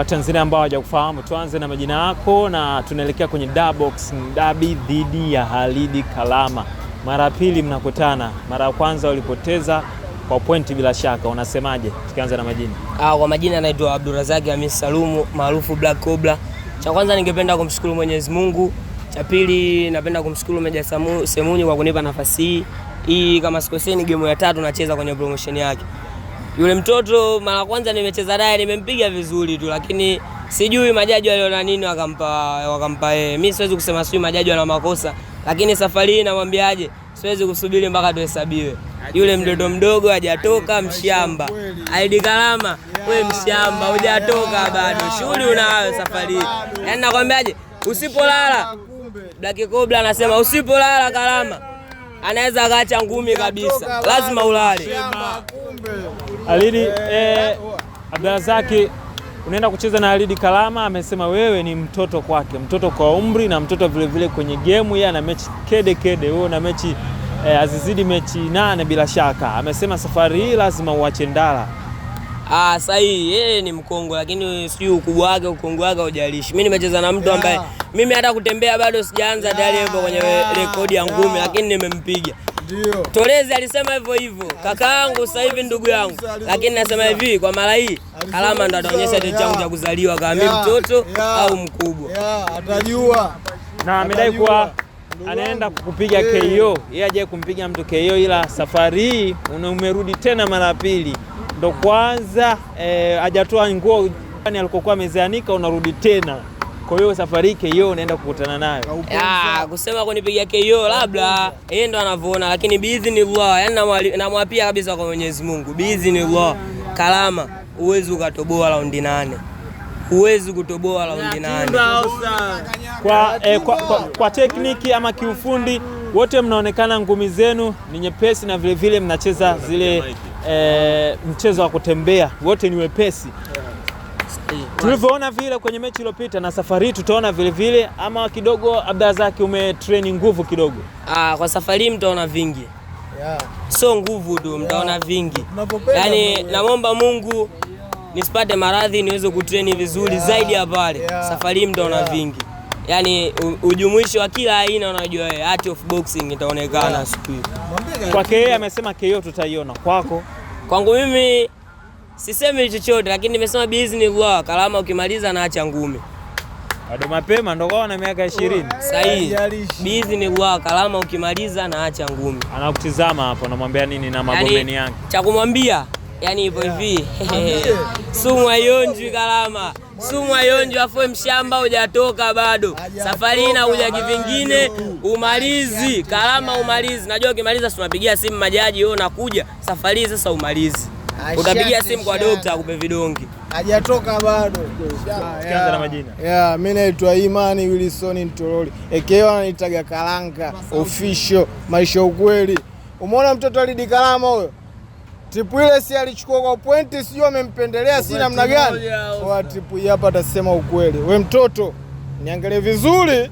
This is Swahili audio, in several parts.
Watanzania ambao hawajakufahamu, tuanze na majina yako, na tunaelekea kwenye Dabox dabi dhidi ya Halidi Kalama. Mara ya pili mnakutana, mara ya kwanza walipoteza kwa pointi bila shaka, unasemaje? Tukianza na majina. Ah, kwa majina anaitwa Abdurazaki Hamis Salumu maarufu Black Cobra. Cha kwanza ningependa kumshukuru Mwenyezi Mungu, cha pili napenda kumshukuru Meja Semuni kwa kunipa nafasi hii. Hii kama sikosei ni game ya tatu nacheza kwenye promotion yake. Yule mtoto mara kwanza nimecheza naye nimempiga vizuri tu, lakini sijui majaji waliona nini wakampa wakampa yeye. Mimi siwezi kusema sijui majaji wana makosa, lakini safari hii namwambiaje, siwezi kusubiri mpaka tuhesabiwe. Yule mdodo mdogo hajatoka mshamba. Aidi Kalama, we mshamba hujatoka bado, shughuli unayo safari hii. Yaani nakwambiaje, usipolala Black Cobra anasema usipolala Kalama anaweza akaacha ngumi kabisa, lazima ulale. Alidi eh, Abdulazaki unaenda kucheza na Alidi Kalama, amesema wewe ni mtoto kwake, mtoto kwa umri na mtoto vile vile kwenye gemu. Yeye ana mechi kede kede, wewe una mechi eh, azizidi mechi nane bila shaka. Amesema safari hii lazima uache ndala. Ah, sahi yeye ni mkongwe lakini sijui ukubwa wake ukongwe wake haujalishi. Mimi nimecheza na mtu ambaye mimi hata kutembea bado sijaanza, tayari yupo kwenye rekodi ya ngumi, lakini nimempiga ndio. Torezi alisema hivyo hivyo. Kakaangu sasa hivi ndugu yangu. Lakini nasema hivi kwa mara hii alama ndo ataonyesha cheti changu cha kuzaliwa kama mimi mtoto au mkubwa. Yeah, atajua. Na amedai kuwa anaenda kupiga eh. KO. Yeye ajaye kumpiga mtu KO, ila safari hii umerudi tena mara pili. Ndo kwanza eh, hajatoa nguo alikokuwa amezianika, unarudi tena. Kwa hiyo safari KO unaenda kukutana nayo. Ah, kusema kunipigia KO labda yeye ndo anavyoona, lakini biidhinillah, yani namwapia kabisa kwa Mwenyezi Mungu, biidhinillah Kalama huwezi ukatoboa raundi nane, huwezi kutoboa raundi nane kwa, eh, kwa, kwa, kwa tekniki ama kiufundi wote mnaonekana ngumi zenu ni nyepesi na vile vile mnacheza zile eh, mchezo wa kutembea wote ni wepesi tulivyoona vile kwenye mechi iliyopita na safari hii tutaona vile vile, ama kidogo abdazak umetrain nguvu kidogo? Ah, kwa safari hii mtaona vingi yeah. So nguvu tu mtaona vingi yaani, namwomba Mungu nisipate maradhi niweze kutreni vizuri yeah. zaidi ya pale yeah. safari hii mtaona yeah. vingi yaani ujumuisho wa kila aina, unajua art of boxing itaonekana yeah. siku hiyo. Kwake yeye amesema KO tutaiona, kwako? Kwangu mimi sisemi chochote, lakini nimesema bizi ni kwa Kalama, ukimaliza naacha ngumi bado mapema, ndo kwa na miaka 20. Sahihi. ni kwa Kalama, ukimaliza naacha ngumi. Anakutizama hapo, namwambia nini na magomeni yaani, yake cha kumwambia yani ipo hivi sumu haionjwi Kalama, sumu haionjwi afoe mshamba hujatoka bado. Safari ina kuja kivingine, umalizi Kalama, umalizi. Najua ukimaliza, tunapigia simu majaji, wewe unakuja safari sasa umalizi. Utapigia simu kwa daktari akupe vidonge. Hajatoka bado. Tukianza ah, na majina. Yeah, mimi naitwa Imani Wilson Ntoroli. Ekewa ananitaga kalanga official, maisha ukweli. Umeona mtoto alidi kalama huyo? Tipu ile si alichukua kwa pointi, sio amempendelea si namna gani. Kwa tipu hapa atasema ukweli. We mtoto, niangalie vizuri.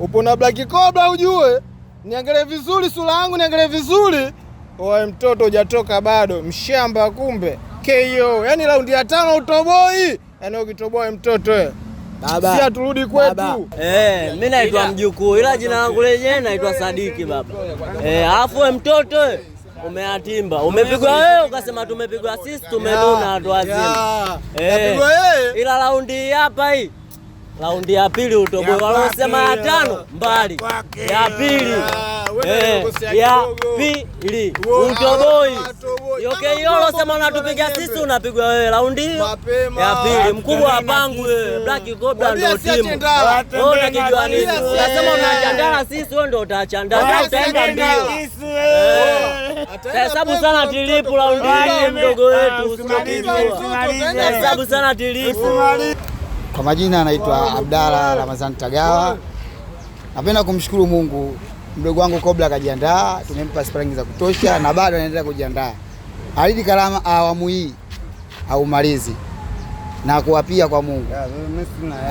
Upo na Black Cobra ujue. Niangalie vizuri sura yangu, niangalie vizuri. Oe, mtoto hujatoka bado, mshamba kumbe. KO, yani raundi ya tano utoboi, yani ukitoboi mtoto wewe. Baba. Sia turudi kwetu. Eh, mimi naitwa mjukuu ila jina langu lenyewe naitwa Sadiki baba. Eh, alafu e mtoto umeatimba, umepigwa wewe ukasema tumepigwa sisi tumenuna watu wazima. Eh, ila raundi hapa hii Raundi ya pili utoboe, walosema ya tano mbali, ya pili ah, eh, ya pili utoboi. Okay, hiyo walosema unatupiga sisi, unapigwa wewe. Raundi hiyo ya pili, mkubwa apangu wewe. Black Cobra ndio timu unakijua nini? Unasema unachandala sisi, wewe ndio utachandala, utaenda mbio Hesabu sana tilipu, raundi hii mdogo wetu, hesabu sana tilipu. Kwa majina anaitwa Abdalla Ramazan Tagawa. Napenda kumshukuru Mungu, mdogo wangu Kobla akajiandaa, tumempa springi za kutosha na bado anaendelea kujiandaa. Alidi Karama awamu hii haumalizi na kuwapia kwa Mungu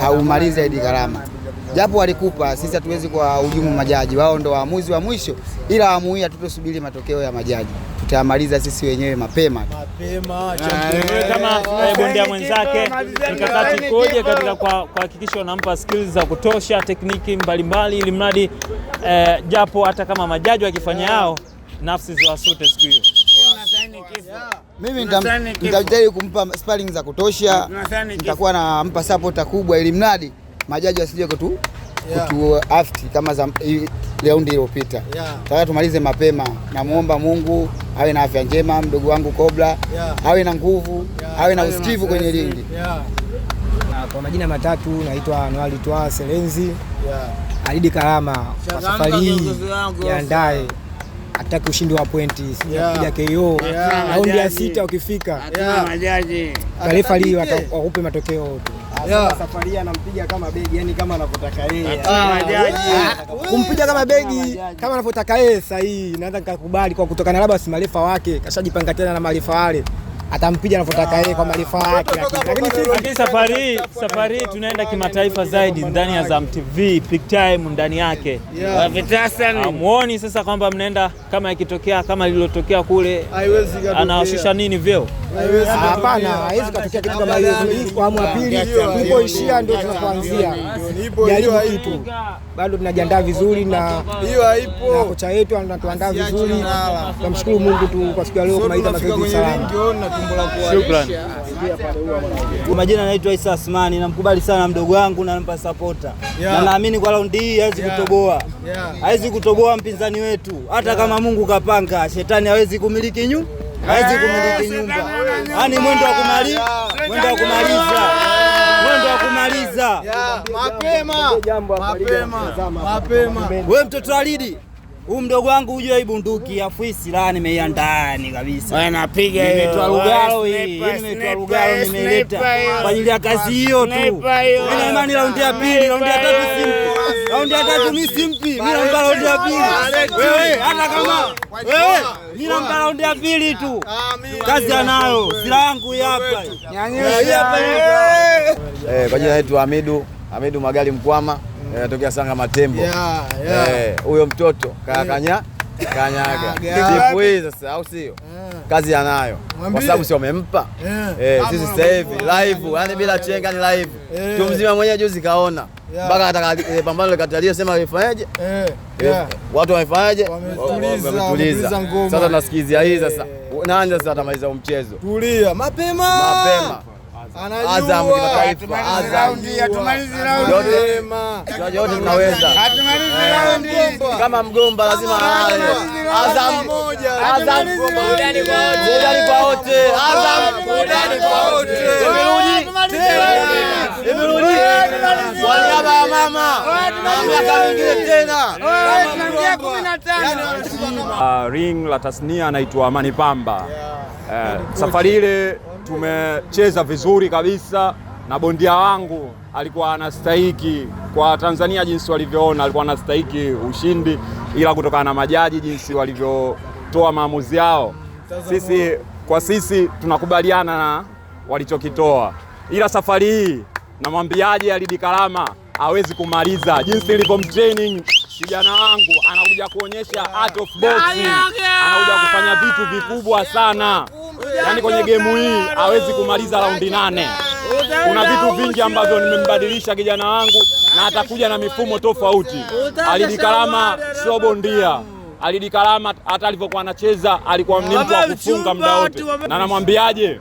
haumalizi Aidi Karama, japo walikupa sisi, hatuwezi kwa hujumu majaji, wao ndo waamuzi wa mwisho, ila awamu hii hatutosubiri matokeo ya majaji tutamaliza sisi wenyewe mapema mapema. Eh, kama eh, bondea mwenzake, mikakati koje katika kuhakikisha unampa skills za kutosha, tekniki mbalimbali, ili mradi eh, japo hata kama majaji akifanya yao nafsi ziwasute siku hiyo. Mimi nitajaribu kumpa sparring za kutosha, nitakuwa nampa support kubwa, ili mradi majaji wasije kutu afti kama za raundi iliyopita. Nataka tumalize mapema, namwomba Mungu awe na afya njema, mdogo wangu Kobra yeah. awe na nguvu yeah. awe na usikivu kwenye ringi yeah. Kwa majina matatu naitwa Anuari Twa Selenzi yeah. Alidi Kalama kwa safari hii yandaye ataki ushindi wa pointi sijapiga KO raundi ya sita ukifika taarifa lii wakupe matokeo tu. Safari anampiga kama begi, yani kama anavyotaka yeye. Ah, ah, Kumpiga kama begi kama anavyotaka yeye sahihi, naweza nikakubali kwa kutokana labda si marefa wake kashajipanga tena na marefa wale atampiga anavyotaka yeye kwa manufaa yake, lakini safari safari tunaenda kimataifa zaidi ndani ya Zam TV Peak time ndani yake uh, amuoni sasa kwamba mnaenda kama ikitokea kama lililotokea kule, anawashusha nini vyeo? Ah, hapana, haiwezi katokea kitu kama hiyo. Kwa amu ya pili ishia ndio tunapoanzia jaribu kitu bado tunajiandaa vizuri na kocha wetu anatuandaa vizuri. Tunamshukuru Mungu tu kwa siku ya leo kumaliza mazoezi salama. Shukrani. Kwa majina naitwa Isa Asmani, namkubali sana mdogo wangu na nampa sapota yeah. Na naamini kwa raundi hii hawezi yeah. kutoboa hawezi yeah. kutoboa mpinzani wetu hata yeah. kama Mungu kapanga, shetani hawezi kumiliki nyu hawezi kumiliki eh, nyumba, yaani mwendo wa kumaliza tunamaliza mapema mapema mapema. Wewe mtoto alidi huu mdogo wangu ujue hii bunduki ya fwisi la ndani kabisa, napiga nimetoa hii, yaani nimetoa rugalo nimeleta kwa ajili ya kazi hiyo tu. Ina imani raundi ya pili, raundi ya tatu simpi, raundi ya tatu mimi simpi, mimi naomba raundi ya pili. Wewe hata kama wewe, mimi naomba raundi ya pili tu, ah, kazi anayo, silaha yangu hapa hapa eh, kwa jina letu Hamidu Hamidu Magali Mkwama anatokea mm. Eh, Sanga Matembo huyo yeah, yeah. Eh, mtoto kakanya eh. kanyaga siku yeah, sasa, au sio? yeah. Kazi anayo kwa sababu si wamempa eh. eh ah, sisi sasa hivi ah, live, yani bila chenga ni live tu mzima mwenyewe, juzi kaona mpaka Hata pambano likatalia, sema lifanyaje? Watu wamefanyaje? Wametuliza. Sasa tunasikizia hii sasa, nani sasa atamaliza mchezo? Tulia mapema mapema yote eh. Kama mgomba lazima Azam kwa wote. Kwa niaba ya mama miaka mingine tena, yaani ah, ring la tasnia anaitwa Amani Pamba. Eh, safari ile tumecheza vizuri kabisa na bondia wangu alikuwa anastahiki kwa Tanzania jinsi walivyoona, alikuwa anastahiki ushindi, ila kutokana na majaji jinsi walivyotoa maamuzi yao, sisi kwa sisi tunakubaliana na walichokitoa, ila safari hii namwambiaje, Alidi Kalama hawezi kumaliza jinsi nilivyomtraining kijana wangu, anakuja kuonyesha art of boxing, anakuja kufanya vitu vikubwa sana yani kwenye gemu hii hawezi kumaliza raundi nane. Kuna vitu vingi ambavyo nimembadilisha kijana wangu, na atakuja na mifumo tofauti. Alidi Kalama sio bondia. Alidi Kalama hata alivyokuwa anacheza alikuwa ni mtu wa kufunga muda wote, na namwambiaje,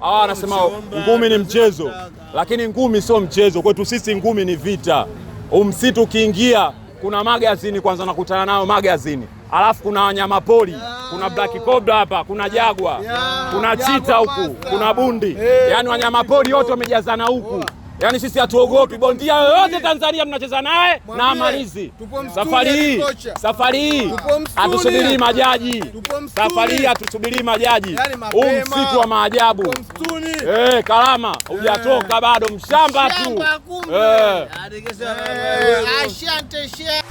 hawa anasema ngumi ni mchezo, lakini ngumi sio mchezo kwetu sisi, ngumi ni vita. Umsitu ukiingia kuna magazini kwanza, nakutana nayo magazini, alafu kuna wanyamapori kuna black cobra hapa, kuna jagwa, kuna chita huku, kuna bundi, yaani pori wote wamejazana huku. Yaani sisi hatuogopi bondia yoyote Tanzania, mnacheza naye na amalizi Safari hii yaani safari hii yaani hatusubirii majaji, safari hii hatusubirii majaji. Yaani Huu msitu wa maajabu eh, Karama eh. hujatoka bado, mshamba tu. Eh. Eh, asante.